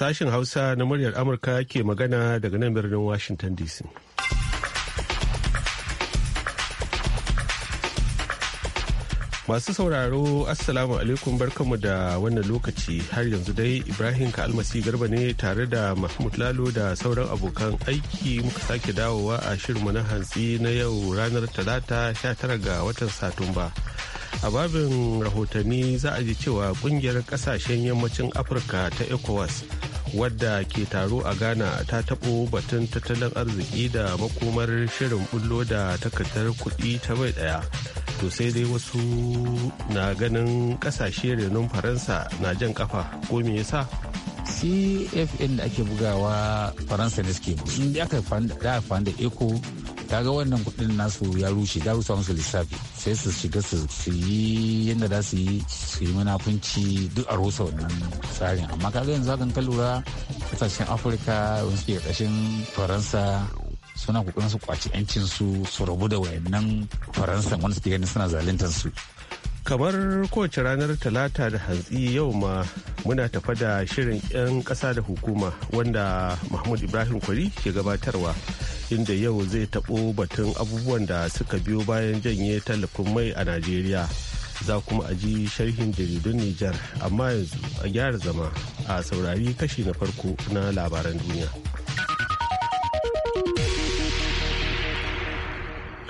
sashin Hausa na muryar Amurka ke magana daga nan birnin Washington DC. Masu sauraro Assalamu alaikum barkanmu da wannan lokaci har yanzu dai Ibrahim Kalmasi Garba ne tare da Mahmud Lalo da sauran abokan aiki muka sake dawowa a shirinmu na hantsi na yau ranar Talata 19 ga watan Satumba. a babin rahotanni za a ji cewa kungiyar kasashen yammacin afirka ta ecowas wadda ke taro a ghana ta taɓo batun tattalin arziki da makomar shirin bullo da takardar kuɗi ta bai ɗaya to sai dai wasu na ganin ƙasashe renon faransa na jan kafa ko me yasa cfn da ake bugawa faransa ne suke da aka fanda eco kaga wannan kuɗin nasu ya rushe ya rusa musu lissafi sai su shiga su yi yadda za su yi su yi munafunci duk a rusa wannan tsarin amma kaga yanzu hakan ka lura kasashen afirka wasu suke kashin faransa suna kokarin su kwaci 'yancin su su rabu da wayannan faransa wanda suke ganin suna zaluntar su kamar kowace ranar talata da hantsi yau ma muna tafa da shirin 'yan ƙasa da hukuma wanda mahmud ibrahim kwari ke gabatarwa inda yau zai taɓo batun abubuwan da suka biyo bayan janye tallafin mai a najeriya za kuma a ji sharhin jaridun nijar amma yanzu a gyara zama a saurari kashi na farko na labaran duniya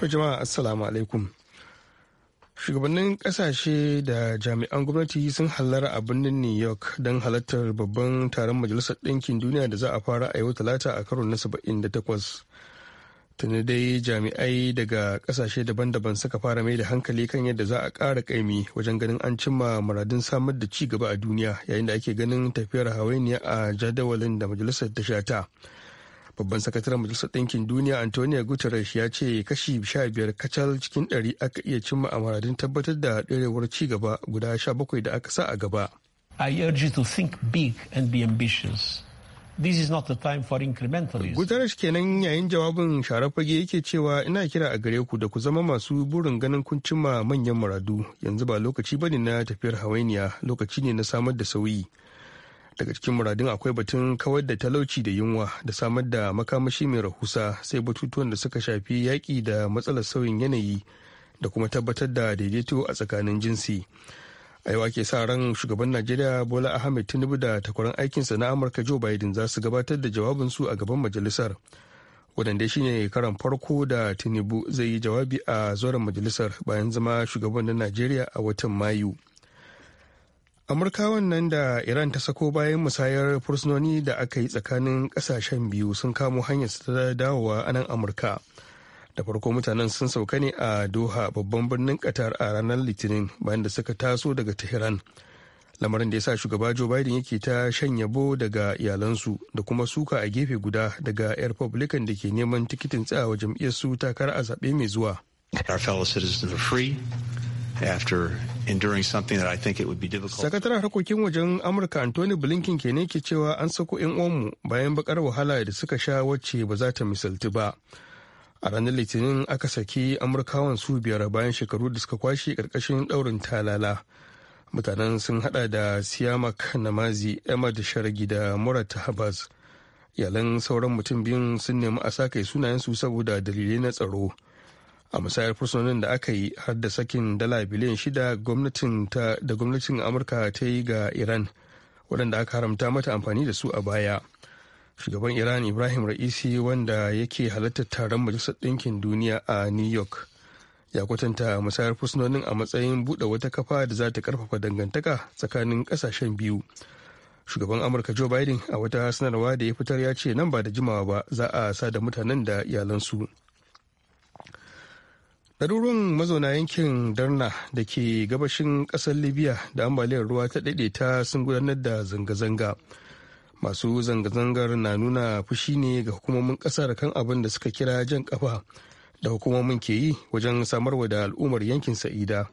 jama'a assalamu alaikum shugabannin kasashe da jami'an gwamnati sun hallara a birnin new york don halartar babban taron majalisar ɗinkin duniya da za a fara a yau talata a karo na 78 tuni dai jami'ai daga kasashe daban-daban suka fara mai da hankali kan yadda za a ƙara ƙaimi wajen ganin an cimma muradun samar da ci gaba a duniya yayin da ake ganin tafiyar hawainiya a jadawalin da majalisar ta sha ta babban sakataren majalisar ɗinkin duniya antonio guterres ya ce kashi sha biyar kacal cikin ɗari aka iya cimma a maradin tabbatar da ɗorewar ci gaba guda sha bakwai da aka sa a gaba i urge you to think big and be ambitious This is not the time for incrementalism. Guterres kenan yayin jawabin sharafage yake cewa ina kira a gare ku da ku zama masu burin ganin kun cimma manyan muradu yanzu ba lokaci bane na tafiyar hawainiya lokaci ne na samar da sauyi. daga cikin muradin akwai batun kawar da talauci da yunwa da samar da makamashi mai rahusa sai batutuwan da suka shafi yaƙi da matsalar sauyin yanayi da kuma tabbatar da daidaito a tsakanin jinsi a yau ake sa ran shugaban najeriya bola ahmed tinubu da takwaran aikinsa na amurka joe biden za su gabatar da jawabinsu a gaban majalisar wadanda shine karan farko da tinubu zai yi jawabi a zoren majalisar bayan zama shugaban na najeriya a watan mayu amurka wannan da iran ta sako bayan musayar fursunoni da aka yi tsakanin kasashen biyu sun kamo hanyar ta dawowa a nan amurka da farko mutanen sun sauka ne a doha babban birnin qatar a ranar litinin bayan da suka taso daga tehran lamarin da ya sa shugaba joe biden yake ta shan yabo daga iyalansu da kuma suka a gefe guda daga yan republican da ke neman tikitin tsayawa su takara a zaɓe mai zuwa after enduring something that I think it would be difficult. Sakataren harkokin wajen Amurka Anthony Blinken ne ke cewa an sako 'yan uwanmu bayan bakar wahala da suka sha wacce ba za ta misalti ba. A ranar Litinin aka saki Amurkawan su biyar bayan shekaru da suka kwashe karkashin ɗaurin talala. Mutanen sun hada da Siyamak Namazi, Ahmad Sharagi da Murat Habaz. Iyalan sauran mutum biyun sun nemi a sa kai sunayensu saboda dalilai na tsaro. a musayar fursunonin da aka yi har da sakin dala biliyan shida da gwamnatin amurka ta yi ga iran waɗanda aka haramta mata amfani da su a baya shugaban iran ibrahim ra'isi wanda yake halartar taron majalisar ɗinkin duniya a new york ya kwatanta musayar fursunonin a matsayin buɗe wata kafa da za ta karfafa dangantaka tsakanin ƙasashen biyu shugaban amurka joe biden a wata sanarwa da ya fitar ya ce nan ba da jimawa ba za a sa da mutanen da iyalansu ɗaruruwan mazauna yankin darna da ke gabashin ƙasar libya da ambaliyar ruwa ta daɗe ta sun gudanar da zanga-zanga masu zanga-zangar na nuna fushi ne ga hukumomin ƙasar kan abin da suka kira jan ƙafa da hukumomin ke yi wajen samarwa da al'ummar yankin sa'ida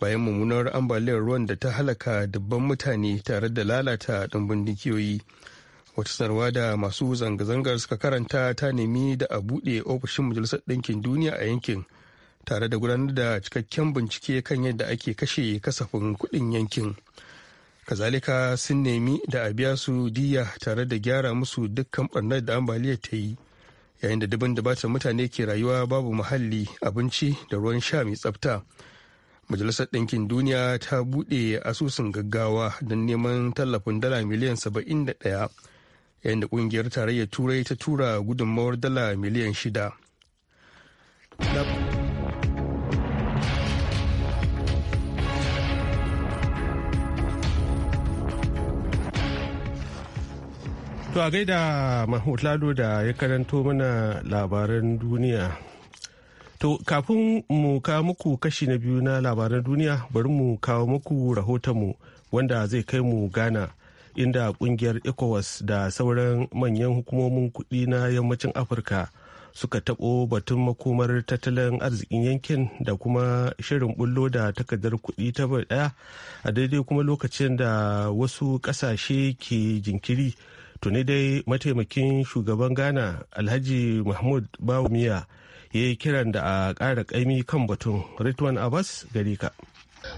bayan mummunar ambaliyar ruwan da ta halaka dubban mutane tare da lalata ɗumbin dukiyoyi wata sanarwa da masu zanga-zangar suka karanta ta nemi da a buɗe ofishin majalisar ɗinkin duniya a yankin tare da gudanar da cikakken bincike kan yadda ake kashe kasafin kudin yankin kazalika sun nemi da a biya su diya tare da gyara musu dukkan barnar da ambaliyar ta yi yayin da dubin bata mutane ke rayuwa babu muhalli abinci da ruwan sha mai tsafta majalisar ɗinkin duniya ta buɗe asusun gaggawa don neman tallafin dala miliyan 71 yayin da ƙungiyar tarayyar turai ta tura gudunmawar dala miliyan 6 To a gaida Mahmud Lado da ya karanto mana labaran duniya. To kafin mu kawo muku kashi na biyu na labaran duniya bari mu kawo muku rahotonmu wanda zai kai mu gana inda kungiyar ECOWAS da sauran manyan hukumomin kudi na yammacin Afirka suka taɓo batun makomar tattalin arzikin yankin da kuma shirin bullo da takardar kuɗi ta ɗaya a daidai kuma lokacin da wasu ƙasashe ke jinkiri. tuni dai mataimakin shugaban ghana alhaji mahmud bawumiya ya yi kiran da a ƙara ƙaimi kan batun ritwan abbas gari ka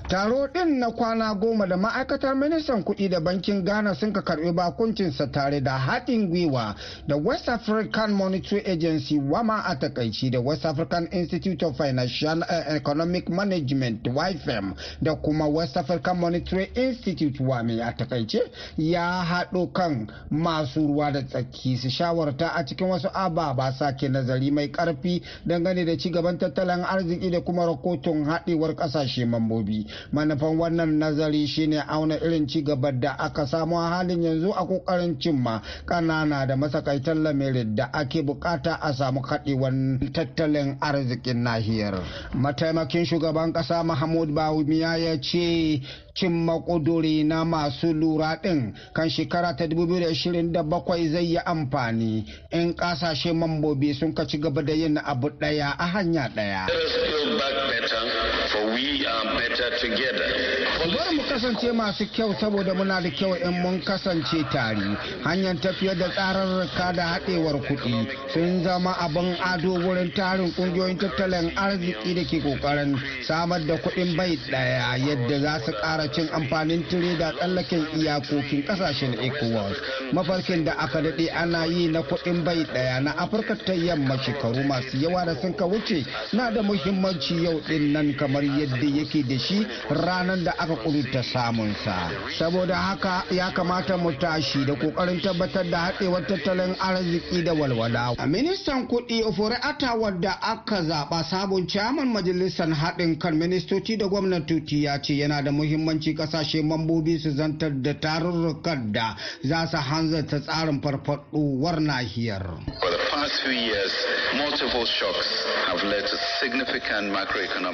taro ɗin na kwana goma da ma'aikatar ministan kuɗi da bankin ghana sun ka karɓi bakuncinsa tare da haɗin gwiwa da west african monetary agency wama a takaici da west african institute of financial eh, economic management yfm da kuma west african monetary institute wame a takaice ya haɗo kan masu ruwa da tsaki su shawarta a cikin wasu ababa sake nazari mai ƙarfi dangane da ci gaban tattalin arziki da kuma rahoton haɗewar ƙasashe mambobi gobe manufan wannan nazari shine auna irin ci gabar da aka samu a halin yanzu a kokarin cimma kanana da masakaitan lamirin da ake bukata a samu kadewan tattalin arzikin nahiyar mataimakin shugaban kasa mahmud bawumiya ya ce Cin ƙuduri na masu lura ɗin kan shekara ta 2027 zai yi amfani in ƙasashe mambobi sun ka ci gaba da yin abu ɗaya a hanya ɗaya. Bari mu kasance masu kyau saboda muna da kyau in mun kasance tare. Hanyar tafiyar da tsararraka da haɗewar kuɗi sun zama abin ado wurin tarin ƙungiyoyin tattalin arziki da ke ƙoƙarin samar da kuɗin bai ɗaya yadda za su ƙara cin amfanin tireda tsallaken iyakokin kasashen ecowas mafarkin da aka daɗe ana yi na kuɗin bai ɗaya na afirka ta yamma shekaru masu yawa da sun ka wuce na da muhimmanci yau ɗin nan kamar yadda yake da shi ranar da aka ƙudurta samunsa saboda haka ya kamata mu tashi da kokarin tabbatar da haɗewar tattalin arziki da walwala a ministan kuɗi ofori atawar da aka zaɓa sabon caman majalisar haɗin kan ministoci da gwamnatoci ya ce yana da muhimmanci shugabanci kasashe mambobi su zantar da tarurrukan da za su hanzarta tsarin farfaɗowar nahiyar.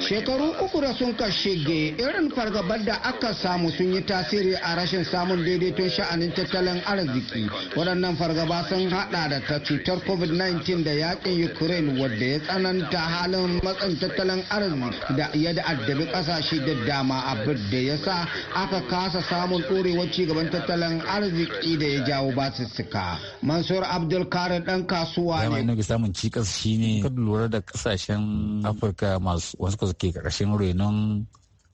Shekaru uku da sun shige irin fargabar da aka samu sun yi tasiri a rashin samun daidaiton sha'anin tattalin arziki. Waɗannan fargaba sun haɗa da ta cutar COVID-19 da yakin Ukraine wadda ya tsananta halin matsan tattalin arziki da ya da'addabi addabi ƙasashe da dama abin da ya sa yasa aka kasa samun ɗorewar cigaban tattalin arziki da ya jawo basussuka mansur abdul kare dan kasuwa ne ga samun cikas shine ka lura da kasashen afirka masu wasu ke karkashin renon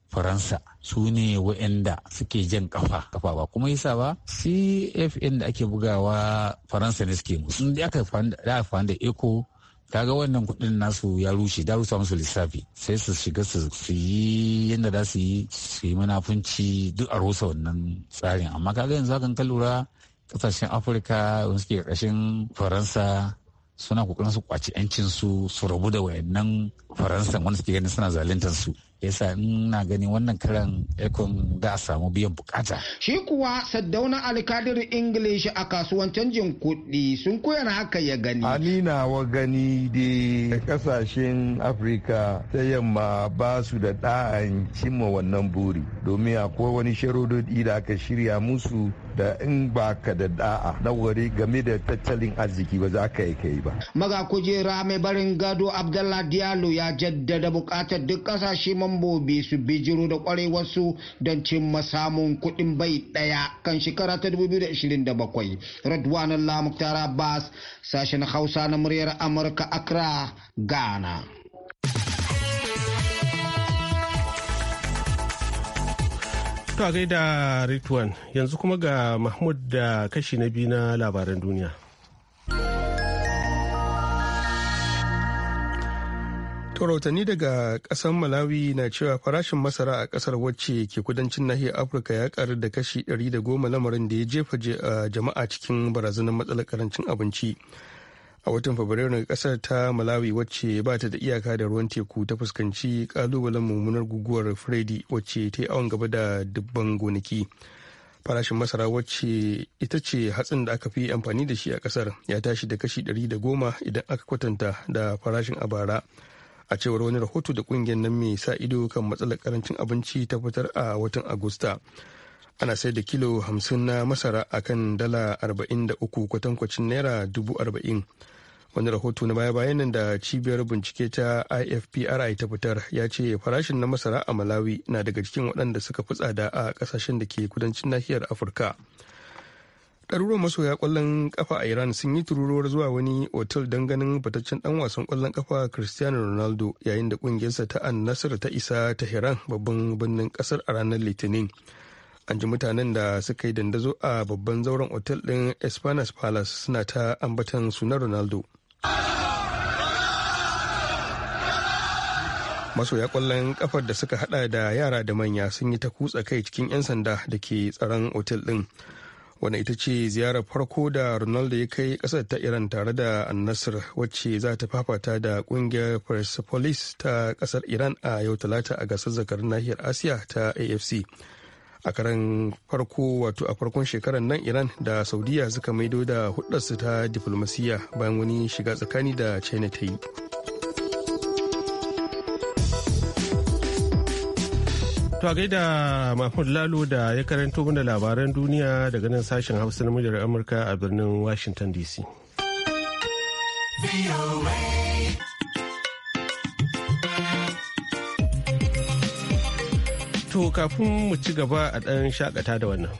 faransa su ne wa'anda suke jan kafa kafa ba kuma yasa ba cfn da ake bugawa faransa ne suke musu da aka fanda da eco kaga wannan kudin nasu ya rushe da rusa musu lissafi sai su shiga su yi yadda za su yi su yi munafunci duk a rusa wannan tsarin amma kaga yanzu hakan ka lura kasashen afirka wani suke ƙarshen faransa suna kokarin su kwaci yancin su su rabu da wayannan faransa wanda suke ganin suna zaluntar su yasa ina ganin wannan karan ekon da a samu biyan bukata. Shi kuwa saddauna alkadir English a kasuwan canjin kuɗi sun koyar haka ya gani. Ani wa gani da kasashen Afirka ta yamma ba su da ɗa'an cimma wannan buri domin akwai wani sharododi da aka shirya musu da in ba ka da da'a na wuri game da tattalin arziki ba za ka yi kai ba. Maga kujera mai barin gado Abdallah Diallo ya jaddada bukatar duk kasashe mambobi su bijiro da kwarewarsu don cin samun kuɗin bai ɗaya kan shekara ta 2027. Radwan Allah Muktar Abbas sashen Hausa na muryar Amurka Accra, Ghana. To a gaida Ritwan yanzu kuma ga Mahmud da kashi na biyu na labaran duniya. rahotanni daga kasan malawi na cewa farashin masara a kasar wacce ke kudancin nahiyar afirka ya karu da kashi 110 lamarin da ya jefa eh, jama'a cikin barazanar matsalar karancin abinci a watan fabrairu na kasar ta malawi wacce ba ta da iyaka da ruwan teku ta fuskanci kalubalen mummunar guguwar freddy wacce ta yi awon gaba da dubban gonaki farashin masara wacce ita ce hatsin da aka fi amfani da shi a kasar ya tashi da kashi 110 idan aka kwatanta da farashin a bara a cewar wani rahoto da kungiyar nan mai sa ido kan matsalar karancin abinci ta fitar a watan agusta ana sai da kilo 50 na masara akan dala 43 kwatankwacin naira 40 wani rahoto na baya-bayan nan da cibiyar bincike ta ifpri ta fitar ya ce farashin na masara a malawi na daga cikin waɗanda suka fi tsada a ƙasashen da ke kudancin nahiyar afirka ɗaruruwan masoya ƙwallon ƙafa a iran sun yi tururuwar zuwa wani otal don ganin fitaccen ɗan wasan ƙwallon ƙafa cristiano ronaldo yayin da ƙungiyarsa ta an nasar ta isa tehran babban birnin ƙasar a ranar litinin an ji mutanen da suka yi dandazo a babban zauren otal ɗin espanas palace suna ta ambatan sunan ronaldo masoya kwallon kafar da suka hada da yara da manya sun yi ta kutsa kai cikin 'yan sanda da ke tsaron otel din wanda ita ce ziyarar farko da ronaldo ya kai kasar ta iran tare da annasir wacce za ta fafata da kungiyar persepolis ta kasar iran a yau talata a gasar zakarun nahiyar asiya ta afc a karan farko wato a farkon shekarar nan iran da saudiya suka maido da hudarsu ta diflomasiyya bayan wani shiga tsakani da china ta yi To a gaida Mahmud Lalo da ya karanto mana labaran duniya daga nan sashen Hausa na muryar Amurka a birnin Washington DC. To kafin mu ci gaba a ɗan shakata da wannan.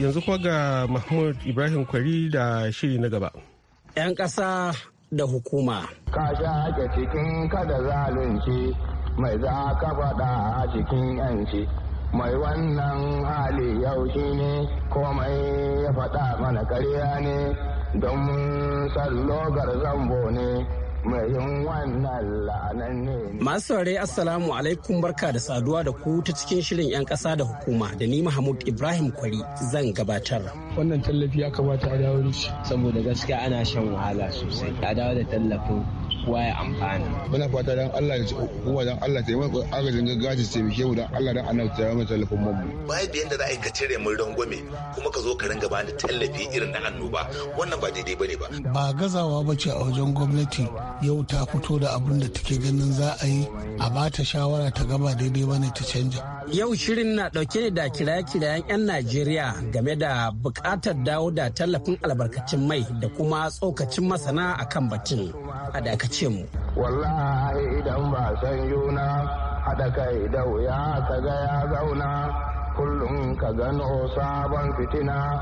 yanzu kuma ga Mahmud Ibrahim Kwari da shiri na gaba. 'Yan ƙasa da hukuma. Ka sha hake cikin kada zalunci mai za ka faɗa a cikin 'yanci. Mai wannan hali yau shi ne komai ya faɗa mana karya ne don sallogar zambo ne. Masu rai, Assalamu alaikum barka da saduwa da ku ta cikin shirin 'yan ƙasa da hukuma da ni Mahmud Ibrahim Kwari zan gabatar. Wannan tallafi ya kamata a dawo da shi. Saboda gaskiya ana shan wahala sosai. A dawo da tallafin kowa ya amfana muna fata don Allah ya kowa don Allah ta yi mana agajin gaggaji ta taimake mu don Allah dan Allah ta yi mana tallafin da babu yanda za a yi ka cire mu rangwame kuma ka zo ka ringa ba da tallafi irin na ba wannan ba daidai ba ne ba ba gazawa ba ce a wajen gwamnati yau ta fito da abin da take ganin za a yi a ba ta shawara ta gaba daidai ba ne ta canja Yau shirin na ɗauke ne da kiraye-kirayen 'yan Najeriya game da buƙatar dawo da tallafin albarkacin mai da kuma tsokacin masana a kan batun. A dakace mu. Wallahi idan ba san yuna haɗa kai da wuya ka ga ya zauna kullum ka gano sabon fitina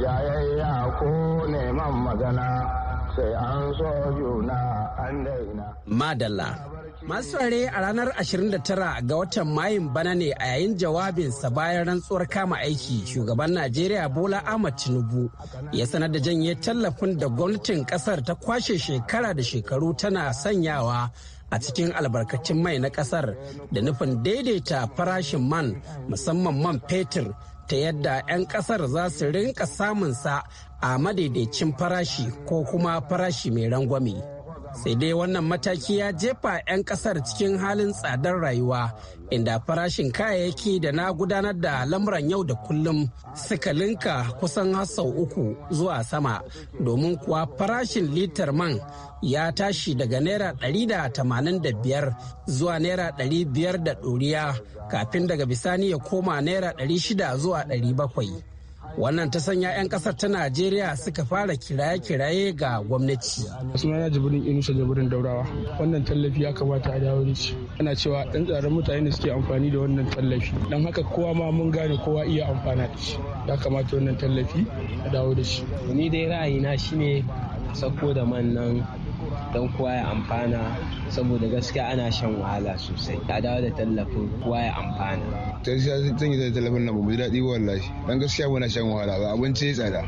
jayayya ko neman magana sai an so juna an daina. Madalla. Masu a ranar 29 ga watan Mayun bana ne a yayin jawabinsa bayan rantsuwar kama aiki shugaban Najeriya Bola Ahmad Tinubu ya sanar da janye tallafin da gwamnatin kasar ta kwashe shekara da shekaru tana sanyawa a cikin albarkacin mai na kasar da nufin daidaita farashin man musamman man fetur ta yadda 'yan kasar za su rinka samunsa a madaidaicin farashi ko kuma farashi mai rangwame. sai dai wannan mataki ya jefa 'yan kasar cikin halin tsadar rayuwa inda farashin kayayyaki da na gudanar da lamuran yau da kullum suka linka kusan sau uku zuwa sama domin kuwa farashin litar man ya tashi daga naira 185 zuwa naira 500 da ɗuriya kafin daga bisani ya koma naira 600 zuwa 700 wannan ta sanya 'yan kasar ta najeriya suka fara kiraye-kiraye ga gwamnati sunana jibirin inusa jibirin daurawa wannan tallafi ya kamata a dawo da shi ana cewa dan tsaron mutane suke amfani da wannan tallafi don haka kowa ma mun gane kowa iya amfana da shi ya kamata wannan tallafi a dawo da shi ni dai ra'ayina shine sako da man nan don kowa ya amfana saboda gaskiya ana shan wahala sosai ta dawo da tallafin kowa ya amfana ta gaskiya zan yi tallafin nan ba mu ji daɗi wallahi dan gaskiya muna shan wahala ba abinci ya tsada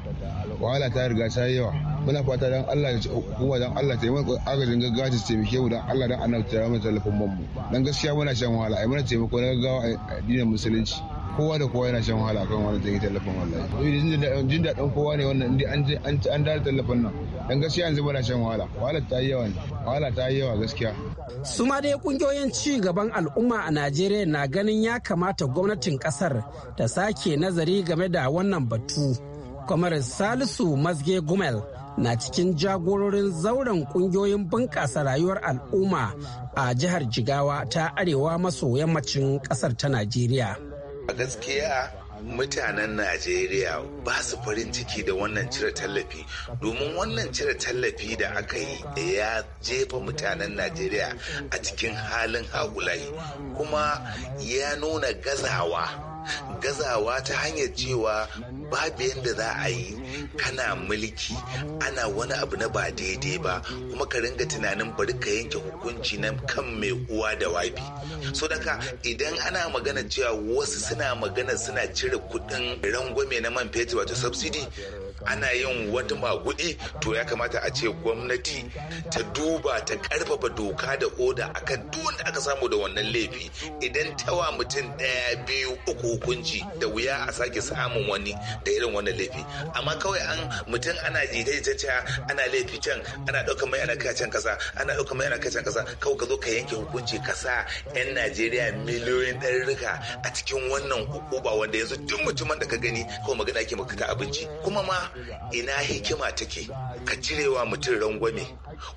wahala ta riga ta yi yawa muna fata don Allah ya hukuma don Allah ta yi mana agajin gaggawa ta taimake mu don Allah don annabi ta mana tallafin mu don gaskiya muna shan wahala ai mana taimako na gaggawa a addinin musulunci kowa da kowa yana shan wahala kan wannan yi tallafin wallahi jin daɗin kowa ne wannan an an tallafin nan dan gaskiya yanzu bana shan wahala wahala ta yi yawa wahala ta yi yawa gaskiya su ma dai kungiyoyin ci gaban al'umma a Najeriya na ganin ya kamata gwamnatin kasar ta sake nazari game da wannan batu kamar Salisu Mazge Gumel na cikin jagororin zauren kungiyoyin bunƙasa rayuwar al'umma a jihar Jigawa ta arewa maso yammacin kasar ta Najeriya. A gaskiya mutanen najeriya ba su farin ciki da wannan cire tallafi domin wannan cire tallafi da aka yi ya jefa mutanen najeriya a cikin halin haƙulai kuma ya nuna gazawa gazawa ta hanyar cewa babu yadda za a yi kana mulki ana wani abu na ba daidai ba kuma ka ringa tunanin bari ka yanke hukunci na kan mai uwa da wabi so daga idan ana magana cewa wasu suna magana suna cire kuɗin rangwame na man fetur wato subsidy ana yin wata magudi to ya kamata a ce gwamnati ta duba ta karfafa doka da oda akan duk wanda aka samu da wannan laifi idan tawa mutum daya biyu uku hukunci da wuya a sake samun wani da irin wannan laifi amma kawai an mutum ana jita-jita ana laifi can ana ɗaukar mai ana kai can kasa ana ɗaukar mai ana kai can kasa kawai ka zo ka yanke hukunci kasa 'yan najeriya miliyoyin ɗarurruka a cikin wannan hukuba wanda yanzu duk mutumin da ka gani kawai magana ake makata abinci kuma ma ina hikima take ka cirewa mutum rangwame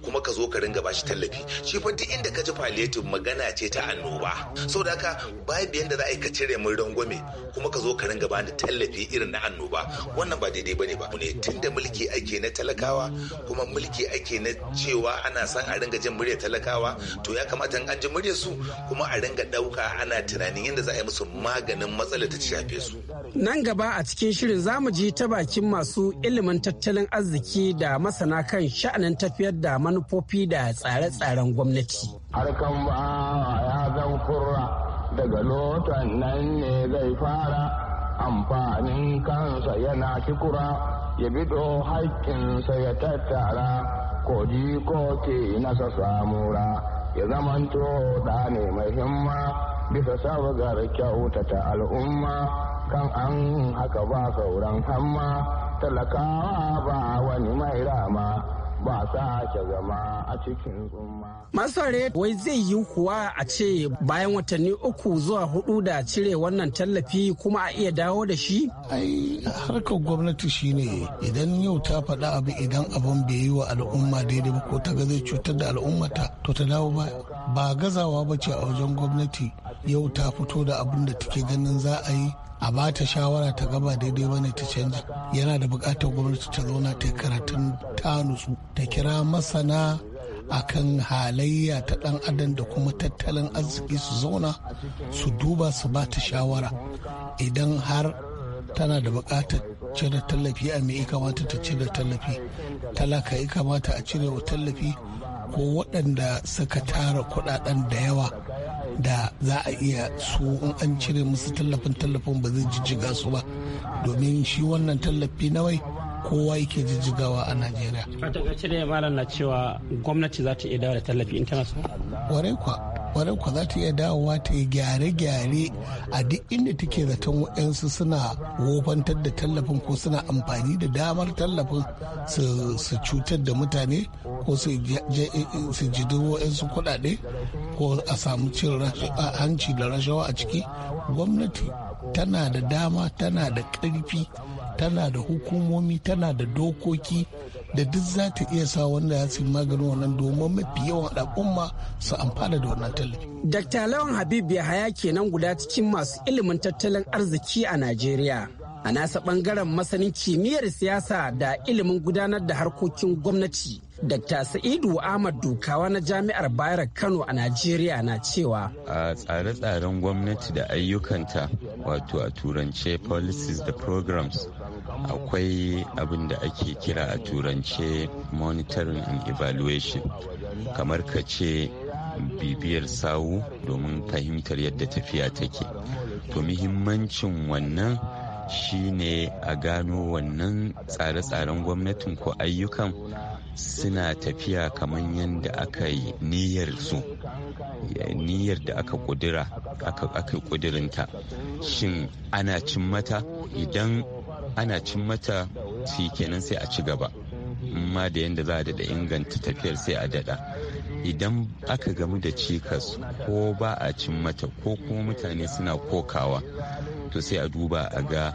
kuma ka zo ka ringa bashi tallafi shi fa duk inda ka ji palliative magana ce ta annoba saboda haka babu yanda za a yi ka cire mun rangwame kuma ka zo ka ringa bani tallafi irin na annoba wannan ba daidai bane ba ne tunda mulki ake na talakawa kuma mulki ake na cewa ana son a ringa jin murya talakawa to ya kamata in an ji murya su kuma a ringa dauka ana tunanin yadda za a yi musu maganin matsalar ta shafe su nan gaba a cikin shirin za mu ji ta bakin masu masu ilimin tattalin arziki da masana kan sha'anin tafiyar da manufofi da tsare-tsaren gwamnati. Harkan ba ya zan kurra daga lotan nan ne zai fara amfanin kansa yana kikura ya bido haƙƙinsa ya tattara ko ji ko ke nasa samura ya zamanto da ne mai himma bisa sabgar kyautata al'umma kan an haka ba sauran hamma talakawa ba wani mai rama ba sa ke zama a cikin tsumma. Masu wai zai yi kuwa a ce bayan watanni uku zuwa hudu da cire wannan tallafi kuma a iya dawo da shi? Ai harkar gwamnati shine idan yau ta faɗa abu idan abin bai yi wa al'umma daidai ba ko ta ga zai cutar da al'ummata to ta dawo ba ba gazawa ba ce a wajen gwamnati yau ta fito da abin da take ganin za a yi a ba ta shawara ta gaba daidai bane ta canji yana da bukatar gwamnati ta zauna ta karatun ta nutsu ta kira masana akan halayya ta dan adam da kuma tattalin arziki su zauna su duba su ba ta shawara idan har tana da bukatar cire tallafi a mai kamata ta cire tallafi talaka ya kamata a cire wa tallafi ko waɗanda suka tara kuɗaɗen da yawa da za a iya su in an cire musu tallafin tallafin ba zai jijjiga su ba domin shi wannan tallafi nawai kowa yake jijjigawa a najeriya a takaice da malam na cewa gwamnati za ta iya dawo da tallafi in tana so ware kwa kwarai kwa za ta iya dawowa ta yi gyare-gyare a duk inda take zaton yansu suna wofantar da tallafin ko suna amfani da damar tallafin su cutar da mutane ko su jidi waɗansu kudade ko a samu cin hanci da rashawa a ciki gwamnati tana da dama tana da ƙarfi tana da hukumomi tana da dokoki da duk za ta iya sa wanda ya sayi maganin wannan domin mafi yawan al'umma su amfana da wannan tallafi. Dr. Lawan Habib Yahaya kenan guda cikin masu ilimin tattalin arziki a Najeriya. A nasa bangaren masanin kimiyyar siyasa da ilimin gudanar da harkokin gwamnati. Dr. Sa'idu Ahmad Dukawa na Jami'ar Bayar Kano a Najeriya na cewa. A tsare-tsaren gwamnati da ayyukanta wato a turance policies da programs akwai abin da ake kira a turance monitoring and evaluation kamar ka ce bibiyar sawu domin fahimtar yadda tafiya take to muhimmancin wannan shine a gano wannan tsare-tsaren gwamnatin ko ayyukan suna tafiya kamar yadda aka yi niyyar su niyyar da aka kudura aka kudurinta shin ana cin mata idan ana cin mata shi kenan sai a ci gaba amma da yadda za a daɗa inganta tafiyar sai a daɗa idan aka gamu da cikas ko ba a cin mata ko kuma mutane suna kokawa to sai a duba a ga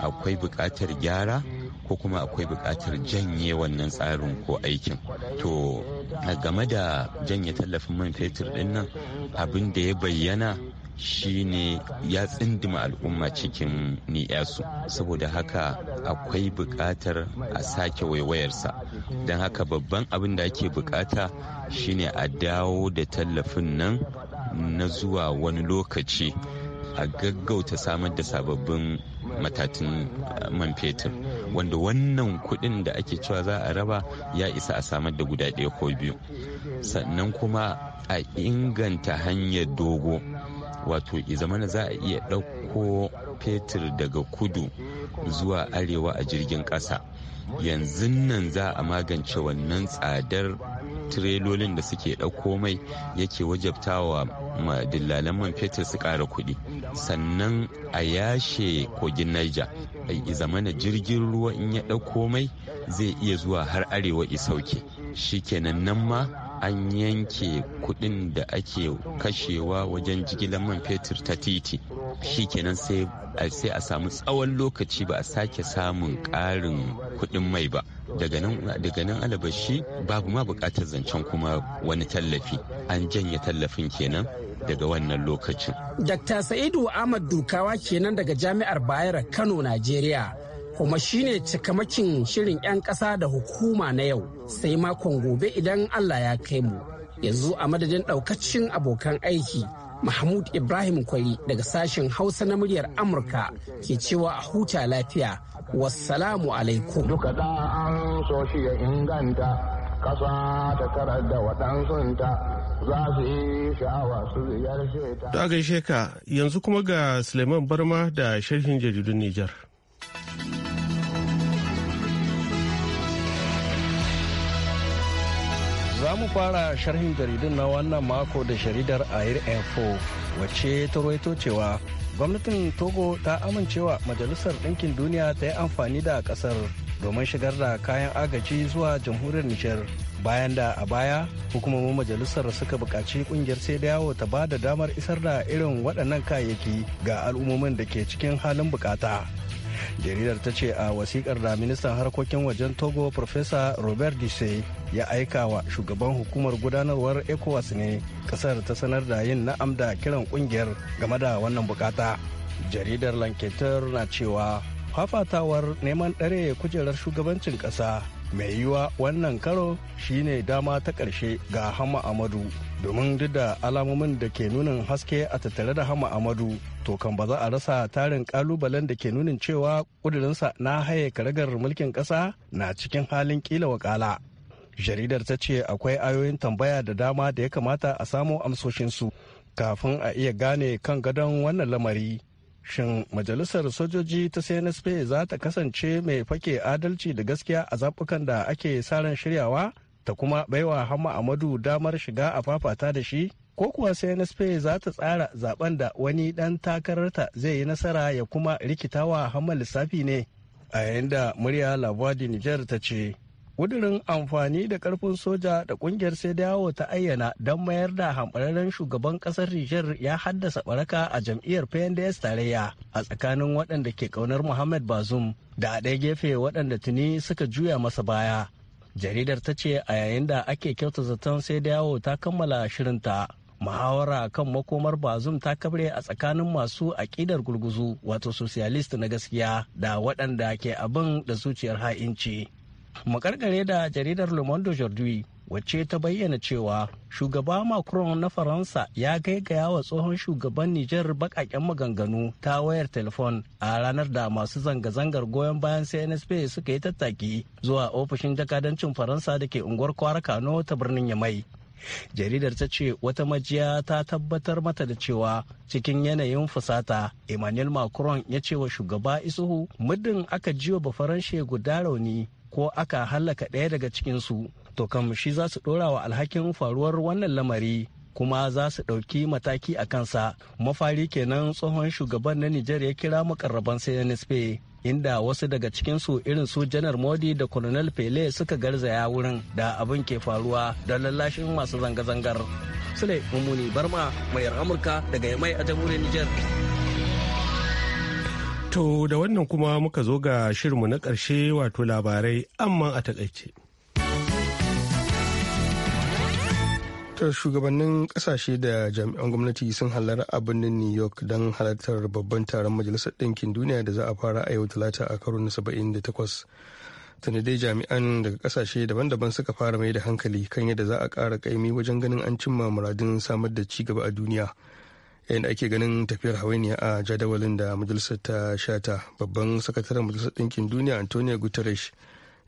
akwai buƙatar gyara ko kuma akwai buƙatar janye wannan tsarin ko aikin to a game da janye tallafin man fetur ɗin nan abin da ya bayyana shine ya tsindima al'umma cikin ni'yasu saboda haka akwai buƙatar a sake waiwayarsa don haka babban abin da ake buƙata shine a dawo da tallafin nan na zuwa wani lokaci a gaggauta samar da sababbin matatun eh, man fetur wanda wannan kuɗin da ake cewa za a raba ya isa a samar da guda ɗaya ko biyu sannan kuma a inganta hanyar dogo wato zamana za a iya ɗauko fetur daga kudu zuwa arewa a jirgin ƙasa yanzu nan za a magance wannan tsadar tirelolin da suke ɗauko mai yake wajabtawa ma dillalan man fetur su ƙara kuɗi sannan a yashe kogin niger a zamana jirgin ruwa in ya ɗauko mai zai iya zuwa har arewa isauke shikenan nan ma an yanke kuɗin da ake kashewa wajen jigilar man fetur ta titi shikenan sai sai a samu tsawon lokaci ba a sake samun ƙarin kuɗin mai ba daga nan alabashi babu ma bukatar zancen kuma wani tallafi an janye tallafin kenan daga wannan lokacin. Dr. Sa'idu Ahmad Dukawa kenan daga Jami'ar Bayero Kano, Najeriya. kuma shine cikamakin shirin 'yan ƙasa da hukuma na yau sai makon gobe idan Allah ya kai mu. Yanzu a madadin ɗaukacin abokan aiki Mahmud Ibrahim Kwari daga sashen Hausa na muryar Amurka ke cewa a huta lafiya. Wassalamu alaikum. Duka da an so shi ya inganta, kasa ta tarar da waɗansunta za su yi sha'awa su ziyarce ta. Da gaishe ka yanzu kuma ga Suleiman Barma da sharhin jaridun Nijar. Za mu fara sharhin jaridun na wannan mako da jaridar Air Info wacce ta rawaito cewa gwamnatin Togo ta amincewa Majalisar Ɗinkin Duniya ta yi amfani da ƙasar domin shigar da kayan agaji zuwa jamhuriyar Nijar bayan da a baya hukumomin majalisar suka buƙaci ƙungiyar sai da yawo ta ba da damar isar da irin waɗannan kayayyaki ga al'ummomin da ke cikin halin bukata jaridar ta ce a wasikar da ministan harkokin wajen togo profesa robert dise ya aika wa shugaban hukumar gudanarwar ecowas ne kasar ta sanar da yin na'am da kiran kungiyar game da wannan bukata jaridar lanketer na cewa fafatawar neman ɗare kujerar shugabancin ƙasa mai yiwa wannan karo shine dama ta ƙarshe ga hama amadu domin duk da alamomin da ke nunin haske a tattare da hama amadu to kan ba za a rasa tarin kalubalen da ke nunin cewa ƙudirinsa na haye karagar mulkin ƙasa na cikin halin kila wakala jaridar ta ce akwai ayoyin tambaya da dama da ya kamata a samo amsoshinsu kafin a iya gane kan gadon wannan lamari shin majalisar sojoji ta cnsp za ta kasance mai fake adalci da gaskiya a zaɓukan da ake saran shiryawa ta kuma baiwa hama amadu damar shiga a fafata da shi ko kuwa cnsp za ta tsara zaben da wani ɗan takararta zai yi nasara ya kuma rikitawa hama lissafi ne a yayin da murya labuwa niger ta ce ƙudurin amfani da ƙarfin soja da ƙungiyar sai yawo ta ayyana don mayar da hamɓararren shugaban ƙasar Nijar ya haddasa baraka a jam'iyyar PNDS tarayya a tsakanin waɗanda ke ƙaunar Muhammad Bazum da a ɗaya gefe waɗanda tuni suka juya masa baya. Jaridar ta ce a yayin da ake kyauta zaton sai yawo ta kammala shirinta. muhawara kan makomar bazum ta kabre a tsakanin masu aƙidar gurguzu wato socialist na gaskiya da waɗanda ke abin da zuciyar ha'inci makarkare da jaridar le monde aujourd'hui wacce ta bayyana cewa shugaba macron na faransa ya gaigaya wa tsohon shugaban niger bakaken maganganu ta wayar telefon a ranar da masu zanga-zangar goyon bayan cnsp suka yi tattaki zuwa ofishin jakadancin faransa da ke unguwar kwara kano ta birnin yamai jaridar ta ce wata majiya ta tabbatar mata da cewa cikin yanayin fusata emmanuel macron ya ce wa shugaba isuhu muddin aka jiwa bafaranshe guda rauni ko aka hallaka ɗaya daga cikinsu to kam shi za su ɗora wa alhakin faruwar wannan lamari kuma za su ɗauki mataki a kansa mafari kenan tsohon shugaban na nijar ya kira makarraban cnsp inda wasu daga cikinsu irin su janar modi da colonel pele suka garzaya wurin da abin ke faruwa da lallashin masu zanga-zangar sule mummuni barma mayar amurka daga yamai a jamhuriyar nijar To da wannan kuma muka zo ga shirinmu na ƙarshe wato labarai amma a takaice. ta shugabannin ƙasashe da jami'an gwamnati sun halara a birnin New York don halartar babban taron Majalisar Ɗinkin Duniya da za a fara a yau Talata a karo na 78. Sanadai jami'an daga ƙasashe daban-daban suka fara mai da hankali kan yadda za a ƙara ƙaimi wajen ganin an cimma muradin samar da ci gaba a duniya. yayin da ake ganin tafiyar hawainiya a jadawalin da majalisar ta shata babban sakataren majalisar ɗinkin duniya antonio guterres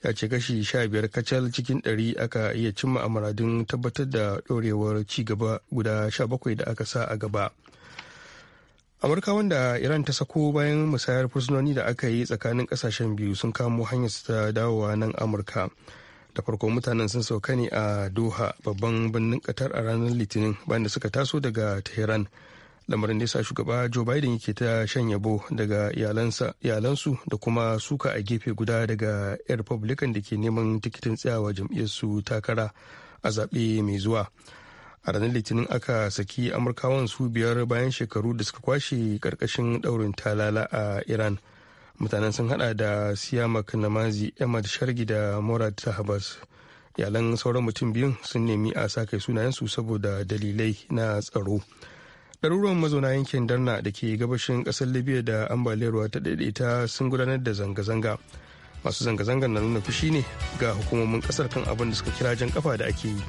ya ce kashi sha biyar kacal cikin ɗari aka iya cimma a maradin tabbatar da ɗorewar ci gaba guda sha bakwai da aka sa a gaba amurka wanda iran ta sako bayan musayar fursunoni da aka yi tsakanin kasashen biyu sun kamo hanyar su ta dawowa nan amurka da farko mutanen sun sauka ne a doha babban birnin qatar a ranar litinin bayan da suka taso daga tehran lamarin da shugaba joe biden yake ta shan yabo daga iyalansu da kuma suka a gefe guda daga 'yan republican da ke neman tikitin tsayawa su takara a zaɓe mai zuwa a ranar litinin aka saki amurkawan su biyar bayan shekaru da suka kwashe karkashin ɗaurin talala a iran mutanen sun hada da siyamak namazi ahmad shargi da murad tahabas iyalan sauran mutum biyun sun nemi a sa kai sunayensu saboda dalilai na tsaro ɗaruruwan mazauna yankin darna da ke gabashin ƙasar libya da ambaliyar ruwa ta daidaita sun gudanar da zanga-zanga masu zanga-zangar na nuna fushi ne ga hukumomin ƙasar kan abin da suka kira jan kafa da ake yi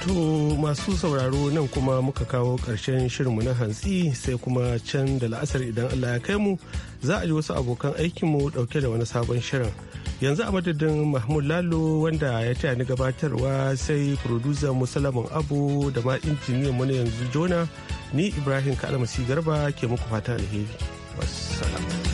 To masu sauraro nan kuma muka kawo ƙarshen shirinmu na hantsi sai kuma can da la'asar idan Allah ya kai mu za a ji wasu abokan aikinmu ɗauke da wani sabon shirin. yanzu a madadin mahmud lalo wanda ya taya ni gabatarwa sai producer musalamin abu da ma injiniyan mu na yanzu jona ni ibrahim kalmasi garba ke muku fatan alheri wassalam